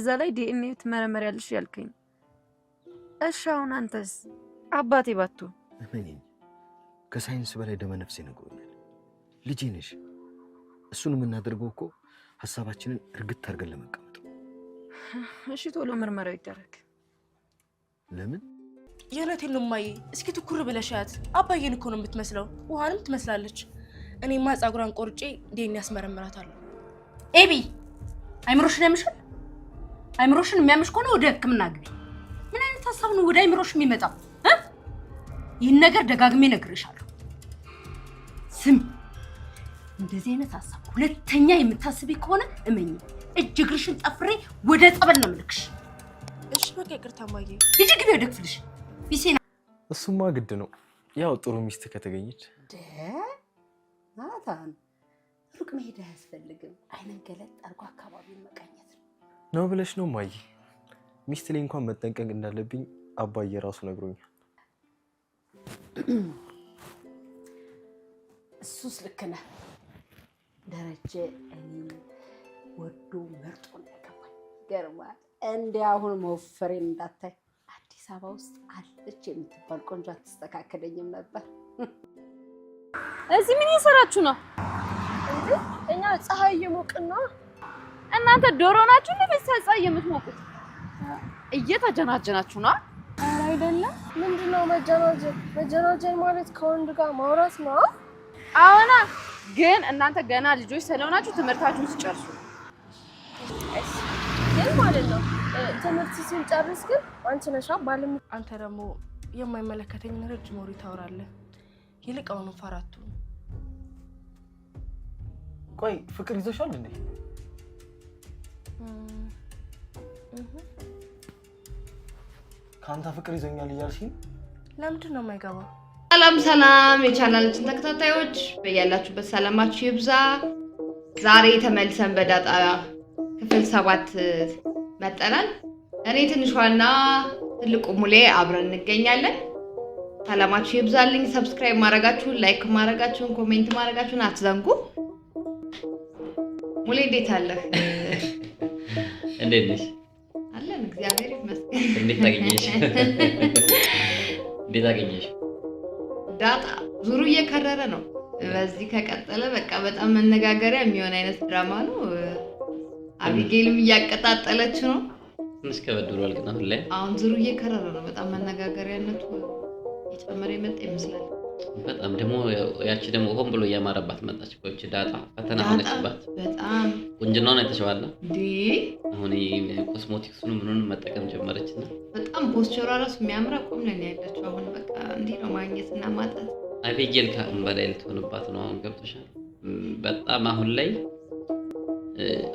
በዛ ላይ ዲኤንኤ ትመረመሪያለሽ ያልከኝ። እሺ አሁን አንተስ አባቴ ባቱ ከሳይንስ በላይ ደመ ነፍሴ ነግሮኛል። ልጄ ነሽ። እሱን የምናደርገው እኮ ሀሳባችንን እርግጥ አድርገን ለመቀመጥ እሺ ቶሎ ምርመራው ይደረግ። ለምን የእውነቴን ነው እማዬ። እስኪ ትኩር ብለሻያት። አባዬን እኮ ነው የምትመስለው። ውሃንም ትመስላለች። እኔማ ፀጉሯን ቆርጬ ዲኤንኤ ያስመረምራታለሁ። ኤቢ አይምሮሽን ያምሻል አይምሮሽን የሚያምሽ ከሆነ ወደ ህክምና ግቢ። ምን አይነት ሀሳብ ነው ወደ አይምሮሽ የሚመጣው? ይህን ነገር ደጋግሜ እነግርሻለሁ። ስም እንደዚህ አይነት ሀሳብ ሁለተኛ የምታስቢ ከሆነ እመኝ፣ እጅ እግርሽን ጠፍሬ ወደ ጸበል ነው የምልክሽ። እሺ በቃ ይቅርታ እማዬ። ልጅ ግቢ ወደ ክፍልሽ። ቢሴና እሱማ ግድ ነው ያው ጥሩ ሚስት ከተገኘች ናታን ሩቅ መሄድ አያስፈልግም። አይንን ገለጥ አድርጎ አካባቢውን መቃኘት ነው ብለሽ ነው ማይ? ሚስት ላይ እንኳን መጠንቀቅ እንዳለብኝ አባዬ የራሱ ነግሮኛል። እሱስ ልክ ነህ ደረጀ። እኔ ወዶ መርጦ ያገባል። ገርማል። እንዲ አሁን መወፈሬን እንዳታይ አዲስ አበባ ውስጥ አለች የምትባል ቆንጆ አትስተካከለኝም ነበር። እዚህ ምን እየሰራችሁ ነው? እኛ ፀሐይ እየሞቅን ነው እናንተ ዶሮ ናችሁ እንዴ? በሳጻ የምትሞቁት እየተጀናጀናችሁ ነው አይደለም? ምንድነው መጀናጀን? መጀናጀን ማለት ከወንድ ጋር ማውራት ነው። አዎና፣ ግን እናንተ ገና ልጆች ስለሆናችሁ ትምህርታችሁን ስጨርሱ ግን ማለት ነው ትምህርት ስንጨርስ ግን አንቺ ነሻ ባለም አንተ ደግሞ የማይመለከተኝ ረጅም ወሬ ታወራለህ። ይልቅ አሁኑ ፈራቱ ቆይ ፍቅር ይዞሻል እንዴ? ከአንተ ፍቅር ይዘኛል እያልሽኝ ለምንድን ነው የማይገባው? ሰላም ሰላም፣ የቻናላችን ተከታታዮች በያላችሁበት ሰላማችሁ ይብዛ። ዛሬ ተመልሰን በዳጣ ክፍል ሰባት መጠናል። እኔ ትንሿና ትልቁ ሙሌ አብረን እንገኛለን። ሰላማችሁ ይብዛልኝ። ሰብስክራይብ ማድረጋችሁን፣ ላይክ ማድረጋችሁን፣ ኮሜንት ማድረጋችሁን አትዘንጉ። ሙሌ እንዴት አለህ? እንዴት ነሽ? አለን እግዚአብሔር ይመስገን። እንዴት አገኘሽ? እንዴት አገኘሽ? ዳጣ ዙሩ እየከረረ ነው። በዚህ ከቀጠለ በቃ በጣም መነጋገሪያ የሚሆን አይነት ድራማ ነው። አቢጌልም እያቀጣጠለች ነው። ትንሽ ከበድ ብሏል፣ ግን አሁን ላይ አሁን ዙሩ እየከረረ ነው። በጣም መነጋገሪያነቱ የጨመረ የመጣ ይመስላል። በጣም ደግሞ ያቺ ደግሞ ሆን ብሎ እያማረባት መጣች። ቆች ዳጣ ፈተና ሆነችባት። በጣም ቁንጅና ሆነ የተሸዋለ አሁን ኮስሞቲክሱን ምኑን መጠቀም ጀመረች እና በጣም ፖስቸሯ ራሱ የሚያምራ ቁም ነን ያለችው። አሁን በቃ እንዲህ ነው ማግኘት እና ማጣት። አቤጌል ከአሁን በላይ ልትሆንባት ነው። አሁን ገብቶሻል። በጣም አሁን ላይ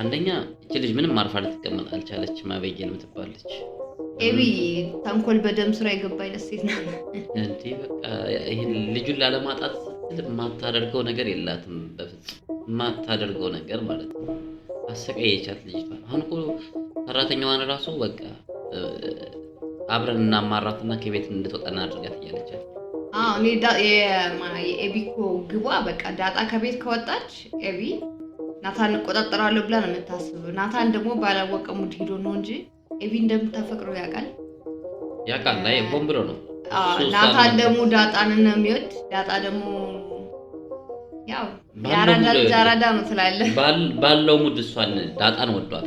አንደኛ እች ልጅ ምንም አርፋ ልትቀመጥ አልቻለችም። አቤጌል ምትባለች ኤቢ ተንኮል በደም ስራ የገባ አይነት ሴት ናት። ልጁን ላለማጣት የማታደርገው ነገር የላትም። በፍጹም የማታደርገው ነገር ማለት ነው። አሰቃየቻት ልጅቷ። አሁን እኮ ሰራተኛዋን ራሱ በቃ አብረን እናማራትና ከቤት እንድትወጣ እናድርጋት እያለቻት የኤቢኮ ግቧ በቃ ዳጣ ከቤት ከወጣች ኤቢ ናታን እቆጣጠራለሁ ብላ ነው የምታስብ። ናታን ደግሞ ባላወቀ ሙድ ሂዶ ነው እንጂ ኤቢ እንደምታፈቅረው ያውቃል ያውቃል ላይ ቦም ብሎ ነው ናታን ደግሞ ዳጣንን ነው የሚወድ ዳጣ ደግሞ ያው ባለው ሙድ እሷን ዳጣን ወዷታል።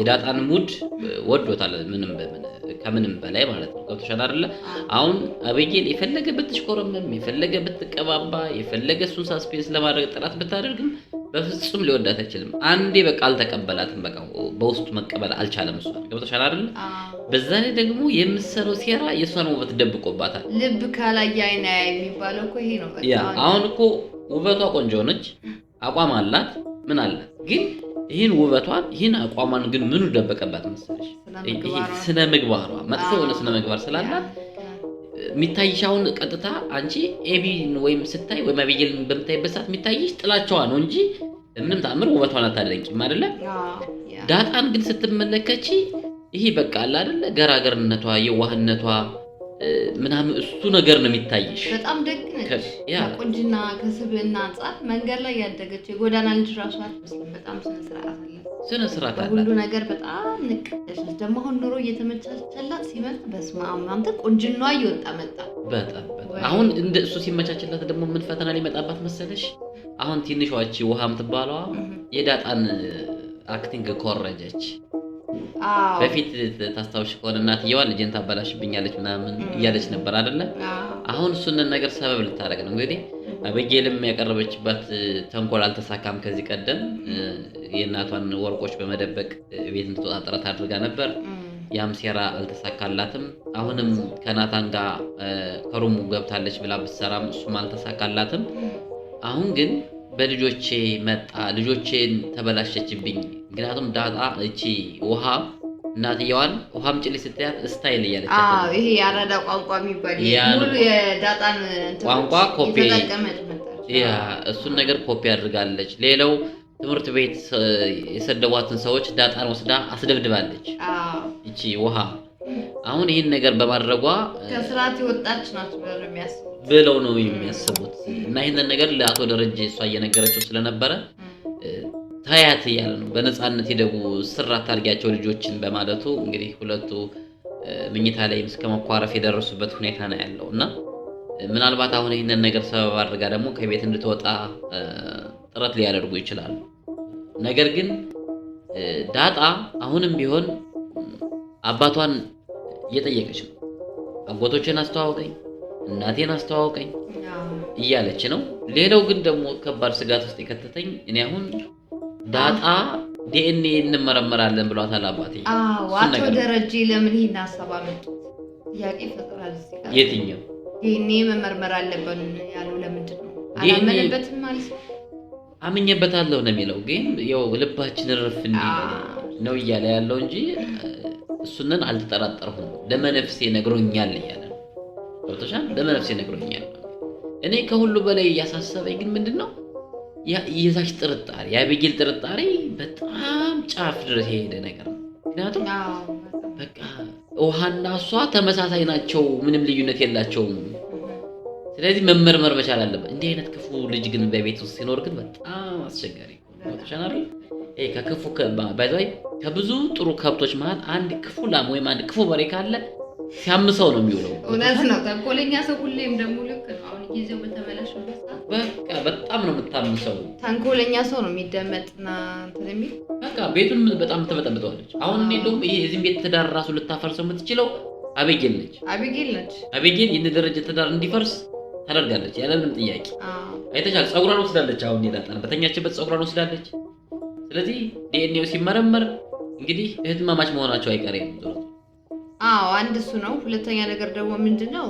የዳጣን ሙድ ወዶታል ምንም ከምንም በላይ ማለት ነው። ገብቶሻል አይደለ? አሁን አበየን የፈለገ ብትሽኮረምም የፈለገ ብትቀባባ የፈለገ እሱን ሳስፔንስ ለማድረግ ጥረት ብታደርግም በፍጹም ሊወዳት አይችልም። አንዴ በቃ አልተቀበላትም። በቃ በውስጡ መቀበል አልቻለም። እሷ ገብቶሻል አይደለ? በዛ ላይ ደግሞ የምትሰራው ሴራ የእሷን ውበት ደብቆባታል። ልብ ካላየ አይን የሚባለው እኮ ይሄ ነው። አሁን እኮ ውበቷ ቆንጆ ነች፣ አቋም አላት፣ ምን አላት። ግን ይህን ውበቷን ይህን አቋሟን ግን ምኑ ደበቀባት መሰለሽ? ስነ ምግባሯ መጥፎ የሆነ ስነ ምግባር ስላላት የሚታይሻውን ቀጥታ አንቺ ኤቢን ወይም ስታይ ወይም አብይል በምታይበት ሰዓት የሚታይሽ ጥላቸዋ ነው እንጂ ምንም ተአምር ውበቷን አታደንቂም አይደለ? ዳጣን ግን ስትመለከች ይሄ በቃ አለ አይደለ? ገራገርነቷ፣ የዋህነቷ ምናምን እሱ ነገር ነው የሚታይሽ። በጣም ደግ ነች። ቁንጅና አንጻር መንገድ ላይ ያደገች የጎዳና ልጅ ራሱ በጣም ስነስርዓት ስነስርዓት አለ። ሁሉ ነገር በጣም ንቅለች ደግሞ አሁን ኑሮ እየተመቻቸላት ሲመጣ በስመ አብ ምናምን እየወጣ መጣ። በጣም አሁን እንደ እሱ ሲመቻችላት ደግሞ ምን ፈተና ሊመጣባት መሰለሽ? አሁን ትንሿች ውሃ የምትባለዋ የዳጣን አክቲንግ ኮረጀች። በፊት ታስታውሽ ከሆነ እናትየዋ ልጄን ታበላሽብኛለች ምናምን እያለች ነበር አይደለ? አሁን እሱንን ነገር ሰበብ ልታደርግ ነው እንግዲህ። አበጌልም ያቀረበችባት ተንኮል አልተሳካም። ከዚህ ቀደም የእናቷን ወርቆች በመደበቅ ቤት እንድትወጣ ጥረት አድርጋ ነበር። ያም ሴራ አልተሳካላትም። አሁንም ከናታን ጋር ከሩሙ ገብታለች ብላ ብትሰራም እሱም አልተሳካላትም። አሁን ግን በልጆቼ መጣ፣ ልጆቼን ተበላሸችብኝ። ምክንያቱም ዳጣ እቺ ውሃ እናትየዋን ውሃም ጭል ስትያት ስታይል እያለች ይሄ የአራዳ ቋንቋ የሚባል ሙሉ የዳጣን ቋንቋ ኮፒ እሱን ነገር ኮፒ አድርጋለች። ሌላው ትምህርት ቤት የሰደቧትን ሰዎች ዳጣን ወስዳ አስደብድባለች እቺ ውሃ። አሁን ይህን ነገር በማድረጓ ከስርዓት የወጣች ናት የሚያስቡ ብለው ነው የሚያስቡት። እና ይህንን ነገር ለአቶ ደረጀ እሷ እየነገረችው ስለነበረ ታያት እያለ ነው በነፃነት ሄደጉ ስራ ታርጊያቸው ልጆችን በማለቱ እንግዲህ ሁለቱ ምኝታ ላይ እስከ መኳረፍ የደረሱበት ሁኔታ ነው ያለው እና ምናልባት አሁን ይህንን ነገር ሰበብ አድርጋ ደግሞ ከቤት እንድትወጣ ጥረት ሊያደርጉ ይችላሉ። ነገር ግን ዳጣ አሁንም ቢሆን አባቷን እየጠየቀች ነው። አጎቶችን አስተዋውቀኝ እናቴን አስተዋውቀኝ እያለች ነው። ሌላው ግን ደግሞ ከባድ ስጋት ውስጥ የከተተኝ እኔ አሁን ዳጣ ዲኤንኤ እንመረመራለን ብሏታል አባቴ። አቶ ደረጀ ለምን ይህን ሀሳብ አመጡ? ጥያቄ ፈጥሯል። የትኛው ዲኤንኤ መመርመር አለብን ያሉ ለምንድን ነው? አላመንበትም ማለት ነው። አምኜበታለሁ ነው የሚለው፣ ግን ያው ልባችን እርፍ እንዲህ ነው እያለ ያለው እንጂ እሱንን አልተጠራጠርሁም፣ ለመነፍሴ ነግሮኛል እያለ ገብቶሻል። በመነፍሴ ነግሮኛል። እኔ ከሁሉ በላይ እያሳሰበኝ ግን ምንድን ነው የዛች ጥርጣሬ የአቤጌል ጥርጣሬ በጣም ጫፍ ድረስ የሄደ ነገር ነው። ምክንያቱም በቃ ውሃና እሷ ተመሳሳይ ናቸው፣ ምንም ልዩነት የላቸውም። ስለዚህ መመርመር መቻል አለበት። እንዲህ አይነት ክፉ ልጅ ግን በቤት ውስጥ ሲኖር ግን በጣም አስቸጋሪ ከክፉ ከብዙ ጥሩ ከብቶች መሀል አንድ ክፉ ላም ወይም አንድ ክፉ በሬ ካለ ሲያምሰው ነው የሚውለው። እውነት ነው። ተንኮለኛ ሰው ሁሌም ደግሞ ልክ ነው። አሁን ጊዜው በተበላሸበት በቃ በጣም ነው የምታምሰው። ተንኮለኛ ሰው ነው የሚደመጥና እንትን የሚል በቃ ቤቱን በጣም ትበጠብጠዋለች። አሁን እኔ እንደውም ይሄ እዚህም ቤት ትዳር ራሱ ልታፈርሰው የምትችለው አቤጌል ነች። አቤጌል ነች። አቤጌል ይህን ደረጃ ትዳር እንዲፈርስ ታደርጋለች ያለምንም ጥያቄ። አይተሻል። ፀጉሯን ወስዳለች። አሁን ዳጣን በተኛችበት ፀጉሯን ወስዳለች። ስለዚህ ዲኤንኤው ሲመረመር እንግዲህ እህትማማች መሆናቸው አይቀሬ ነው። አዎ አንድ እሱ ነው። ሁለተኛ ነገር ደግሞ ምንድን ነው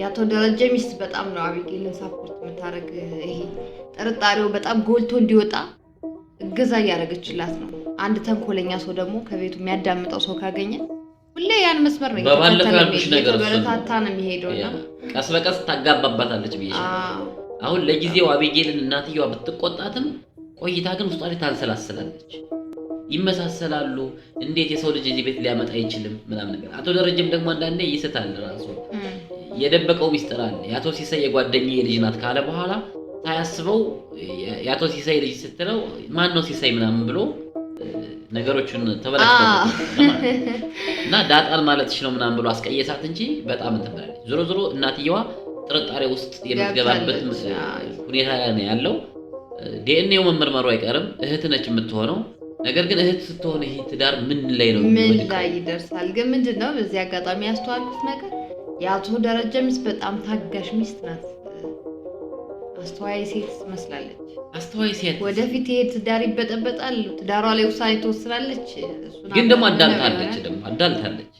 የአቶ ደረጀ ሚስት በጣም ነው አቢጌልን ሳፖርት የምታደርግ። ይሄ ጥርጣሬው በጣም ጎልቶ እንዲወጣ እገዛ እያደረገችላት ነው። አንድ ተንኮለኛ ሰው ደግሞ ከቤቱ የሚያዳምጠው ሰው ካገኘ ሁሌ ያን መስመር ነው የተበረታታ ነው የሚሄደው ቀስ በቀስ ታጋባባታለች ብዬ አሁን ለጊዜው አቢጌልን እናትየዋ ብትቆጣትም ቆይታ ግን ውስጧ ላይ ታንሰላስላለች። ይመሳሰላሉ። እንዴት የሰው ልጅ እዚህ ቤት ሊያመጣ አይችልም? ምናምን ነገር አቶ ደረጀም ደግሞ አንዳንዴ ይስታል። ራሱ የደበቀው ሚስጥር አለ። የአቶ ሲሳይ የጓደኛዬ ልጅ ናት ካለ በኋላ ሳያስበው የአቶ ሲሳይ ልጅ ስትለው ማን ነው ሲሳይ ምናምን ብሎ ነገሮቹን ተበላሽተው እና ዳጣን ማለትሽ ነው ምናምን ብሎ አስቀየሳት እንጂ በጣም እንትን ብላለች። ዞሮ ዞሮ እናትየዋ ጥርጣሬ ውስጥ የምትገባበት ሁኔታ ነው ያለው። ዲኤንኤው መመርመሩ አይቀርም። እህት ነች የምትሆነው ነገር ግን እህት ስትሆን ይሄ ትዳር ምን ላይ ነው ምን ላይ ይደርሳል? ግን ምንድን ነው በዚህ አጋጣሚ ያስተዋልኩት ነገር የአቶ ደረጀ ሚስት በጣም ታጋሽ ሚስት ናት። አስተዋይ ሴት ትመስላለች። አስተዋይ ሴት ወደፊት ይሄ ትዳር ይበጠበጣል፣ ትዳሯ ላይ ውሳኔ ትወስናለች። ግን ደግሞ አዳልታለች፣ ደግሞ አዳልታለች።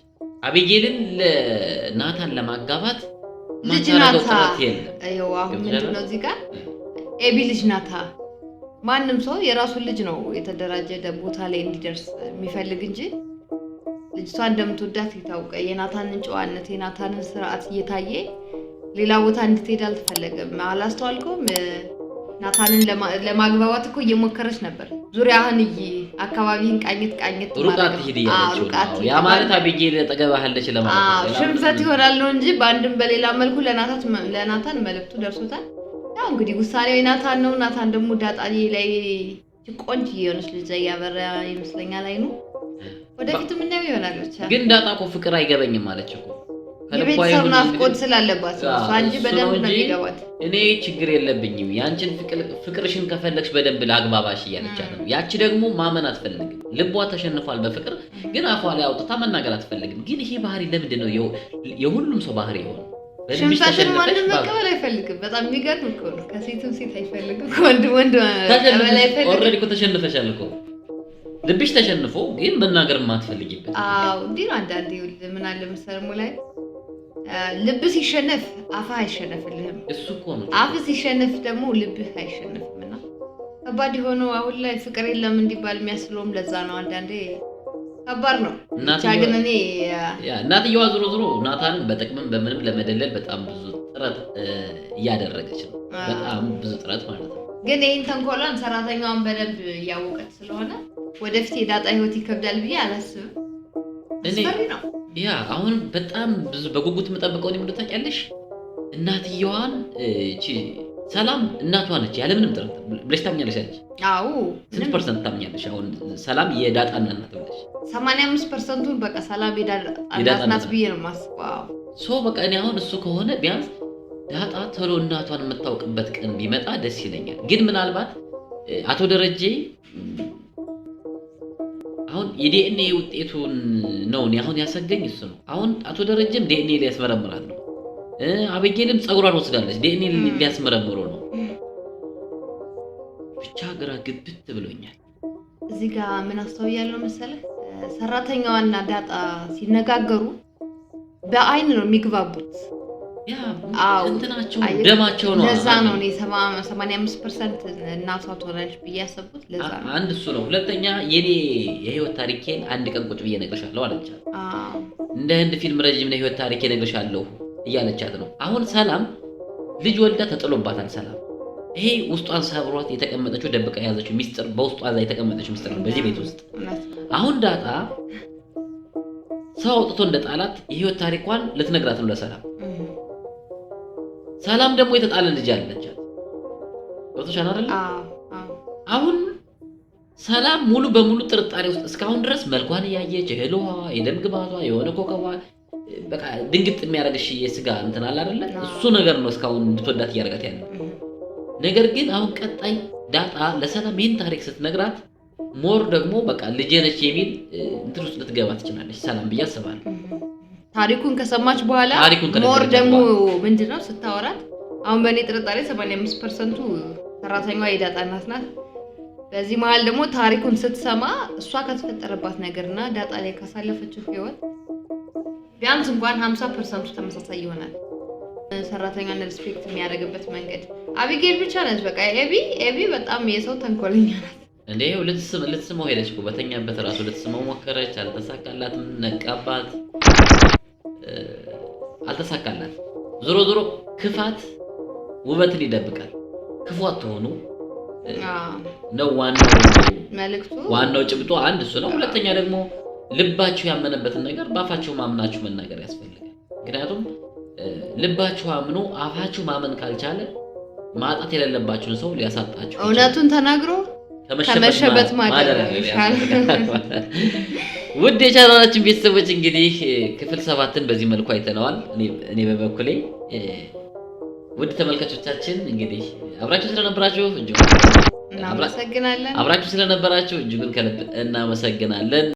አቤጌልን ለናታን ለማጋባት ልጅ ናታ። አሁን ምንድን ነው እዚህ ጋር ኤቢ ልጅ ናታ ማንም ሰው የራሱን ልጅ ነው የተደራጀ ቦታ ላይ እንዲደርስ የሚፈልግ እንጂ ልጅቷ እንደምትወዳት የታወቀ የናታንን ጨዋነት የናታንን ስርዓት እየታየ ሌላ ቦታ እንድትሄድ አልተፈለገም። አላስተዋልከውም? ናታንን ለማግባባት እኮ እየሞከረች ነበር። ዙሪያህን እይ፣ አካባቢህን ቃኘት ቃኘት ያ ማለት አቤጌል ጠገባህለች ለማለት ሽምሰት ይሆናል ነው እንጂ በአንድም በሌላ መልኩ ለናታን መልክቱ ደርሶታል። ያው እንግዲህ ውሳኔው የናታን ነው። ናታን ደግሞ ዳጣዬ ላይ ቆንጆ የሆነች ልጅ እያበራ ይመስለኛል አይኑ ወደፊት የምናየው ይሆናል። ብቻ ግን ዳጣ እኮ ፍቅር አይገበኝም ማለች እኮ የቤተሰብ ናፍቆት ስላለባት እንጂ በደንብ ነው የሚገባት። እኔ ችግር የለብኝም የአንቺን ፍቅርሽን ከፈለግሽ በደንብ ለአግባባሽ እያለች ነው። ያቺ ደግሞ ማመን አትፈልግም። ልቧ ተሸንፏል በፍቅር ግን አፏ ላይ አውጥታ መናገር አትፈልግም። ግን ይሄ ባህሪ ለምንድን ነው የሁሉም ሰው ባህሪ የሆነ ሽምሳሽን ወንድም መቀበል አይፈልግም። በጣም የሚገርም እኮ ነው። ከሴትም ሴት አይፈልግም። ወንድ ወንድ መቀበል አይፈልግም። ኦልሬዲ እኮ ተሸንፈሻል እኮ ልብሽ ተሸንፎ ግን መናገር የማትፈልጊበት። አዎ እንዲህ ነው። አንዳንዴ ምን አለ መሰለህ ላይ ልብ ሲሸነፍ አፍህ አይሸነፍልህም። እሱ እኮ ነው። አፍህ ሲሸነፍ ደግሞ ልብህ አይሸነፍም። እና ከባድ የሆነው አሁን ላይ ፍቅር የለም እንዲባል የሚያስለውም ለዛ ነው አንዳንዴ ከባድ ነው። ግን እኔ እናትየዋ ዞሮ ዞሮ ናታንን በጥቅምም በምንም ለመደለል በጣም ብዙ ጥረት እያደረገች ነው። በጣም ብዙ ጥረት ማለት ነው። ግን ይህን ተንኮሏን ሰራተኛዋን በደንብ እያወቀች ስለሆነ ወደፊት የዳጣ ህይወት ይከብዳል ብዬ አላስብም። ነው ያ አሁን በጣም ብዙ በጉጉት የምጠብቀው እኔ ምንድን ታውቂያለሽ እናትየዋን ሰላም እናቷ ነች። ያለምንም ጥረት ብለሽ ታምኛለሽ አለች። አዎ ስንት ፐርሰንት ታምኛለሽ? አሁን ሰላም የዳጣ እናት ብለሽ ሰማንያ ፐርሰንቱን በቃ ሰላም ሄዳላት ብዬ ነው ማስባው። በቃ እኔ አሁን እሱ ከሆነ ቢያንስ ዳጣ ቶሎ እናቷን የምታውቅበት ቀን ቢመጣ ደስ ይለኛል። ግን ምናልባት አቶ ደረጀ አሁን የዲኤንኤ ውጤቱን ነው እኔ አሁን ያሰገኝ እሱ ነው። አሁን አቶ ደረጀም ዲኤንኤ ሊያስመረምራት ነው። አቤጌልም ፀጉሯን ወስዳለች፣ ዲኤንኤ ሊያስመረምሩ ነው። ብቻ ግራ ግብት ብሎኛል። እዚህ ጋር ምን አስተውያለሁ መሰለህ ሰራተኛዋና ዳጣ ሲነጋገሩ በአይን ነው የሚግባቡት። ደማቸው ነው። ለዛ ነው እኔ ሰማንያ ፐርሰንት እናቷ ትሆናለች ብዬ ያሰብኩት ለዛ ነው። አንድ እሱ ነው። ሁለተኛ የኔ የህይወት ታሪኬን አንድ ቀን ቁጭ ብዬ እነግርሻለሁ አለቻት። እንደ ህንድ ፊልም ረዥም ነው የህይወት ታሪኬ እነግርሻለሁ እያለቻት ነው። አሁን ሰላም ልጅ ወልዳ ተጥሎባታል። ሰላም ይሄ ውስጧን ሰብሯት የተቀመጠችው ደብቃ የያዘችው ሚስጥር በውስጧ የተቀመጠችው ሚስጥር ነው በዚህ ቤት ውስጥ አሁን ዳጣ ሰው አውጥቶ እንደ ጣላት የህይወት ታሪኳን ልትነግራት ነው ለሰላም። ሰላም ደግሞ የተጣለ ልጅ አለቻት። ገብቶሻል አይደል? አሁን ሰላም ሙሉ በሙሉ ጥርጣሬ ውስጥ እስካሁን ድረስ መልኳን እያየች እህልዋ፣ የደም ግባቷ፣ የሆነ ኮከቧ በቃ ድንግጥ የሚያደርግሽ የስጋ እንትን አለ አይደለ? እሱ ነገር ነው እስካሁን እንድትወዳት እያደረጋት ያለ ነገር ግን አሁን ቀጣይ ዳጣ ለሰላም ይህን ታሪክ ስትነግራት ሞር ደግሞ በቃ ልጄ ነች የሚል እንትን ውስጥ ልትገባ ትችላለች። ሰላም ብዬ አስባለሁ። ታሪኩን ከሰማች በኋላ ሞር ደግሞ ምንድን ነው ስታወራት፣ አሁን በእኔ ጥርጣሬ 85 ፐርሰንቱ ሰራተኛዋ የዳጣ እናት ናት። በዚህ መሀል ደግሞ ታሪኩን ስትሰማ እሷ ከተፈጠረባት ነገር እና ዳጣ ላይ ካሳለፈችው ህይወት ቢያንስ እንኳን 50 ፐርሰንቱ ተመሳሳይ ይሆናል። ሰራተኛን ሪስፔክት የሚያደርግበት መንገድ አቢጌል ብቻ ነች። በቃ ኤቢ ኤቢ በጣም የሰው ተንኮለኛ ናት። እንዴ ልትስመው ሄደች እኮ በተኛበት ራሱ ልትስመው ሞከረች፣ አልተሳካላትም። ነቃባት፣ አልተሳካላት። ዞሮ ዞሮ ክፋት ውበትን ይደብቃል። ክፉ አትሆኑ ነው ዋናው መልእክቱ። ዋናው ጭብጦ አንድ እሱ ነው። ሁለተኛ ደግሞ ልባችሁ ያመነበትን ነገር በአፋችሁ ማምናችሁ መናገር ያስፈልጋል። ምክንያቱም ልባችሁ አምኖ አፋችሁ ማመን ካልቻለ ማጣት የሌለባችሁን ሰው ሊያሳጣችሁ እውነቱን ተናግሮ ከመሸበት ማደር ይሻላል። ውድ የቻናላችን ቤተሰቦች እንግዲህ ክፍል ሰባትን በዚህ መልኩ አይተነዋል። እኔ በበኩሌ ውድ ተመልካቾቻችን እንግዲህ አብራችሁ ስለነበራችሁ እጅጉን እናመሰግናለን። አብራችሁ ስለነበራችሁ እጅጉን ከልብ እናመሰግናለን።